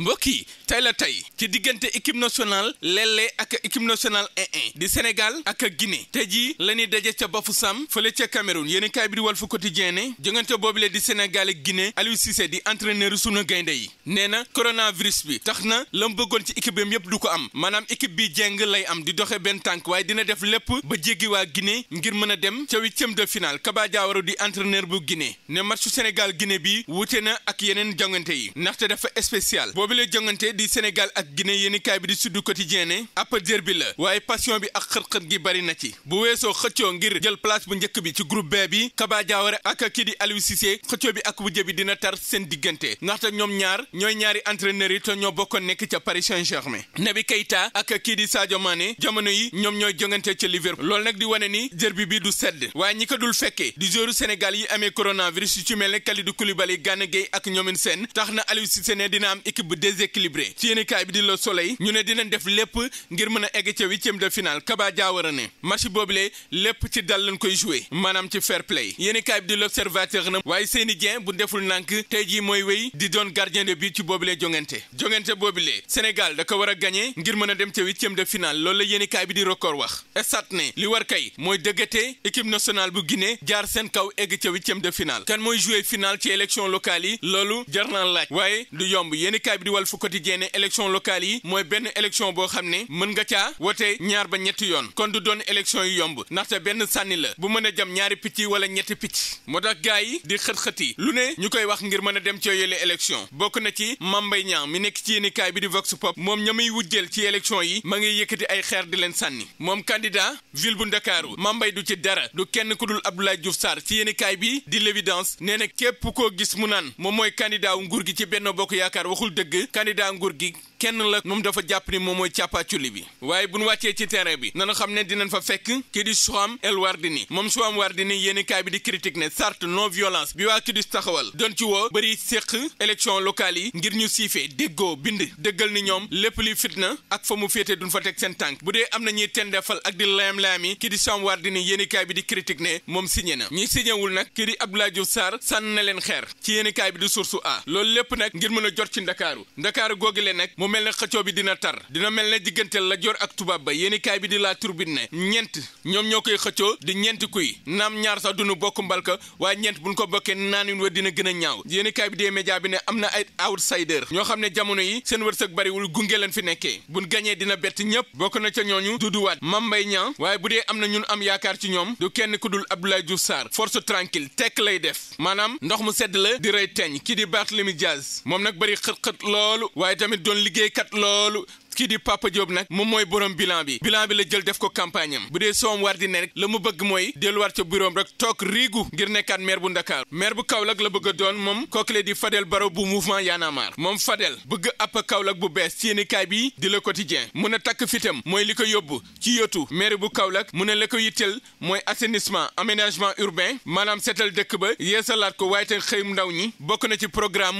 mbokk yi tey la tey ci diggante équipe nationale lelle ak équipe nationale e U1 di Sénégal ak gine te jii la ñuy daje ca Bafoussam fële ca Cameroun yéen i kaay bi di Walf Quotidien ne jongante boobule di Sénégal ak Guinée Aliou Cissé di entraîneur sunu gaynde yi nee na coronavirus bi tax na la mu bëggoon ci équipe am yëpp du ko am maanaam équipe bi jeng lay am di doxe benn tànk waaye dina def lépp ba jéggi gine ngir mën a dem ca huitième de finale Kaba Diawara di entraîneur bu Guinée ne matchu Sénégal Guinée bi wute na ak yeneen jongante yi ndaxte dafa spécial boobu la jongante di Sénégal ak Guinée yéenikaay bi di Sud Quotidien ne ab jër bi la waaye passion bi ak xët-xët gi bari na ci bu weesoo xëccoo ngir jël place bu njëkk bi ci groupe B bi Kaba Diawara ak kii di Aliou Cissé xëccoo bi ak wujje bi dina tar seen diggante ndaxte ñoom ñaar ñooy ñaari entraîneurs yi ñoo bokkoon nekk ca Paris Saint-Germain Naby Keita ak kii di Sadio Mané jamono yi ñoom ñooy jongante ca Liverpool loolu nag di wane ni jër bi bii du di joueur Sénégal yi amee coronavirus yu na Aliou Cissé ne dina am déséquilibré ci yéenekaay bi di Le Soleil ñu ne dinañ def lépp ngir mën a egg ca huitième de finale Kaba Diawara ne match boobule lépp ci dal lañ koy joué maanaam ci fair play yéenekaay bi di L'Observateur na waaye Seny Dieng bu deful nank te jii mooy wéy di doon gardien de but ci boobule jongante jongante boobule Sénégal da ko war a gagné ngir mën a dem ca huitième de finale loolu la yéenekaay bi di record wax estat ne li war kay mooy dëggate équipe nationale bu Guinée jaar seen kaw egg ca huitième de finale kan mooy joué finale ci élection locale yi loolu jar naa bi di Walf Quotidien élection locale yi mooy benn élection boo xam ne mën nga caa wote ñaar ba ñetti yoon kon du doon élection yu yomb ndaxte benn sànni la bu mën a jam ñaari picc wala ñetti picc moo tax gars yi di xët-xët lu ne ñu koy wax ngir mën a dem ci yooyu élection bokk na ci Mame Mbaye Niang mi nekk ci yéenekaay bi di Vox Pop moom ña muy wujjeel ci élection yi ma ngi yëkkati ay xeer di leen sànni moom candidat ville bu Ndakaaru Mame du ci dara du kenn ku dul Abdoulaye Diouf Sarr ci yéenekaay bi di l'évidence nee na képp koo gis mu naan moom mooy candidat wu nguur gi ci Benno dëgg candidat ngur gi kenn la moom dafa jàpp ni moom mooy càppaaculi bi waaye bu ñu wàccee ci terrain bi nana xam ne dinañ fa fekk kii di Soham El Wardini moom Soham Wardini yéeni kaay bi di critique ne charte non violence bi waa kidis taxawal doon ci woo bëri séq élection locale yi ngir ñu siifee déggoo bind dëggal ni ñoom lépp li fitna ak fa mu féete duñ fa teg seen tànk bu dee am na ñuy tendeefal ak di layam-layam yi kii di Soham Wardini yéeni kaay bi di critique ne moom signé na ñi signéwul nag kii di Abdoulaye Diouf Sarr sànn na leen xeer ci yéeni bi di source a loolu lépp nag ngir mën a jot ci Ndakaaru Ndakaaru mel ne xëccoo bi dina tar dina mel ne diggante Lat Joor ak tubaab ba yéenikaay bi di laa Tribune ne ñeent ñoom ñoo koy xëccoo di ñeenti kuy naam ñaar sax duñu bokk mbalka waaye ñeent buñ ko bokkee naanin wa dina gën a ñaaw yéenikaay bi dee média bi ne am na ay outsider ñoo xam ne jamono yi seen wërsëg bariwul gunge leen fi nekkee buñ gañee dina bett ñëpp bokk na ca ñooñu duduwaat Mame Mbaye Niang waaye bu dee am na ñun am yaakaar ci ñoom du kenn ku dul Abdoulaye Diouf Sarr force tranquille tekk lay def maanaam ndox mu sedd la di rey teñ kii di Barthélémy Dias moom nag bari xët-xët liggéeykat loolu kii di Papa Diop nag moom mooy borom bilan bi bilan bi la jël def ko campagne bu dee soom war di ne la mu bëgg mooy delluwaat ca bureau rek toog riigu ngir nekkaat maire bu Ndakaaru maire bu Kaolack la bëgg a doon moom kookale di Fadel Barro bu mouvement Y'en a moom Fadel bëgg àpp Kaolack bu bees ci yéenekaay bi di Le Quotidien mun a takk fitam mooy li ko yóbbu ci yotu maire bu Kaolack mu ne la yitteel mooy assainissement aménagement urbain maanaam seetal ba yeesalaat ko waaye a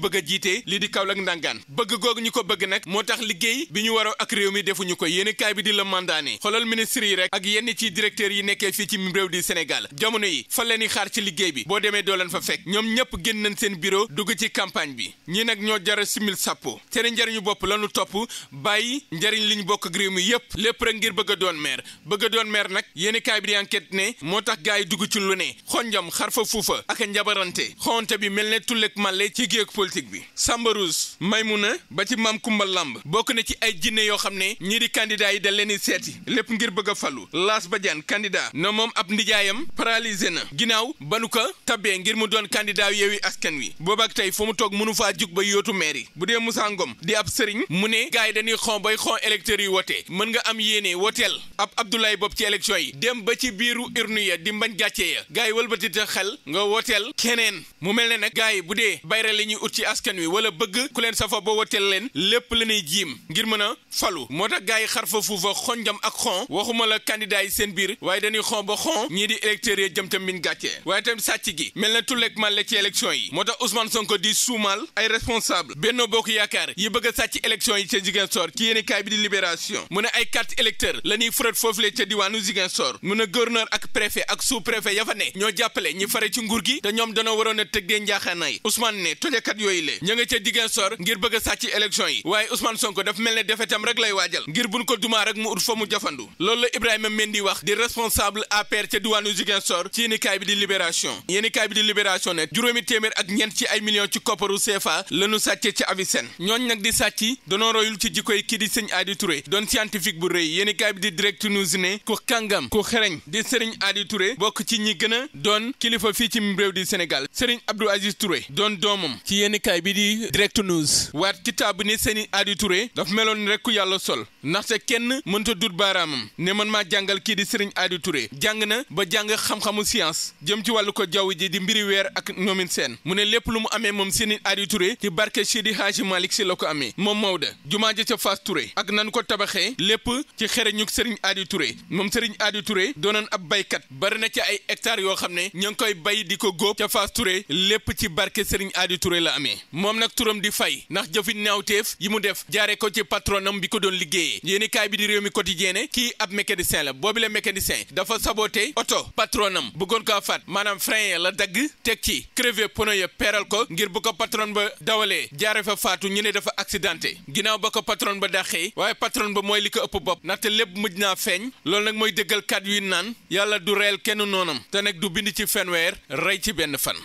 marre a te lii di Kaolack ndàngaan bëgg googu ñu ko bëgg nag moo tax liggéey bi ñu waroo ak réew mi defuñu ko yéen kaay bi di la mandaane xoolal ministre yi rek ak yenn ci directeur yi nekkee fii ci réew di Sénégal jamono yi fa leen i xaar ci liggéey bi boo demee doo leen fa fekk ñoom ñëpp génn seen biro dugg ci campagne bi ñi nag ñoo jara simil sapo seen njariñu bopp lanu topp bàyyi njariñ li ñu bokk ak réew mi yépp lépp rek ngir bëgg a doon maire bëgg a doon maire nag yéen kaay bi di enquête ne moo tax gars yi dugg ci lu ne xonjam xar fa fuufa ak njabarante xonte bi mel ne tullek màlle ci géeg politique bi bi Samba Rose Maymuna ba ci maam Kumba Lamb bokk na ci ay jinne yoo xam ne ñii di candidat yi da leen di seeti lépp ngir bëgg a falu Laas Badiane candidat na moom ab ndijaayam paralysé na ginnaaw banu ko tabbee ngir mu doon candidat yeewi askan wi boobaak tey fu mu toog mënu faa jug ba yootu mairie bu dee Moussa Ngom di ab sëriñ mu ne gars yi dañuy xon bay xon électeurs yi wote mën nga am yéene woteel ab Abdoulaye Bob ci élection yi dem ba ci biiru urne ya di mbañ gàcce ya yi wëlbatita xel nga woteel askan wi wala bëgg ku leen safa ba woteel leen lépp la ñuy jiim ngir mën a falu moo tax gars yi xar fa fuufa xonjam ak xon waxuma la candidat yi seen biir waaye dañuy xon ba xon ñii di électeurs yi jëm tam min gàccee waaye tamit sàcc gi mel na tulleeg man la ci élection yi moo tax Ousmane Sonko di suumal ay responsable Benno Bokk Yaakaar yi bëgg a sàcc élection yi ca Ziguinchor ci yéeni kaay bi di libération mu ay carte électeur la ñuy fraude foofu le ci a tëggee ña nga ca diggéen sor ngir bëgg sàcc élection yi waaye Ousmane Sonko dafa mel ne defetam rek lay waajal ngir buñ ko dumaa rek mu ut fa mu jafandu loolu la Ibrahima Mendy wax di responsable APR ca diwaanu Ziguinchor ci yéenekaay bi di Libération yéenekaay bi di Libération ne juróomi téeméer ak ñeent ci ay millions ci kopparu CFA la ñu sàccee ci Avicenne ñooñ nag di sàcc danoo royul ci jikkoy kii di sëñ Adi Touré doon bu rëy yéenekaay di Direct News ne ku kàngam ku xereñ di sëriñ Adi Touré bokk ci ñi gën a doon kilifa fii ci réew di Sénégal sëriñ Abdou Aziz Touré doon doomam ci yéenekaay bi bi di direct news waat kitaab bi ne Seyni Adi Touré daf meloon rekku yàlla sol ndaxte kenn mënta dut baaraamam ne mën maa jàngal kii di Serigne Adi Touré jàng na ba jàng xamxamu xamu jëm ci wàllu ko jaww ji di mbiri weer ak ñoomin seen mu ne lépp lu mu amee moom Seyni Adi Touré ci barke Seydi Hadji Malick si la ko amee moom Maodo jumaa ja ca Fass Touré ak nan ko tabaxee lépp ci xereñuk Serigne Adi Touré moom Serigne Adi Touré doonoon ab baykat bari na ci ay hectares yoo xam ne ñu ngi koy bay di ko góob ca Touré lépp ci barke Serigne Adi la amee moom nag turam di fay ndax jëfi ñaawteef yi mu def jaare ko ci patronam bi ko doon liggéeyee yéeni bi di réew mi quotidien kii ab mécanicien la boobi la mécanicien dafa saboté oto patronam bëggoon ko faat maanaam frein ya la dagg teg ci crevé pono ya peeral ko ngir bu ko patron ba dawalee jaare fa faatu ñu ne dafa accidenté ginnaaw ba ko patron ba dàqee waaye patron ba mooy li ko ëpp bopp ndaxte lépp mujj naa feeñ loolu nag mooy dëggal kat yu naan yàlla du reel kenn noonam te nag du bind ci fanweer rey ci benn fan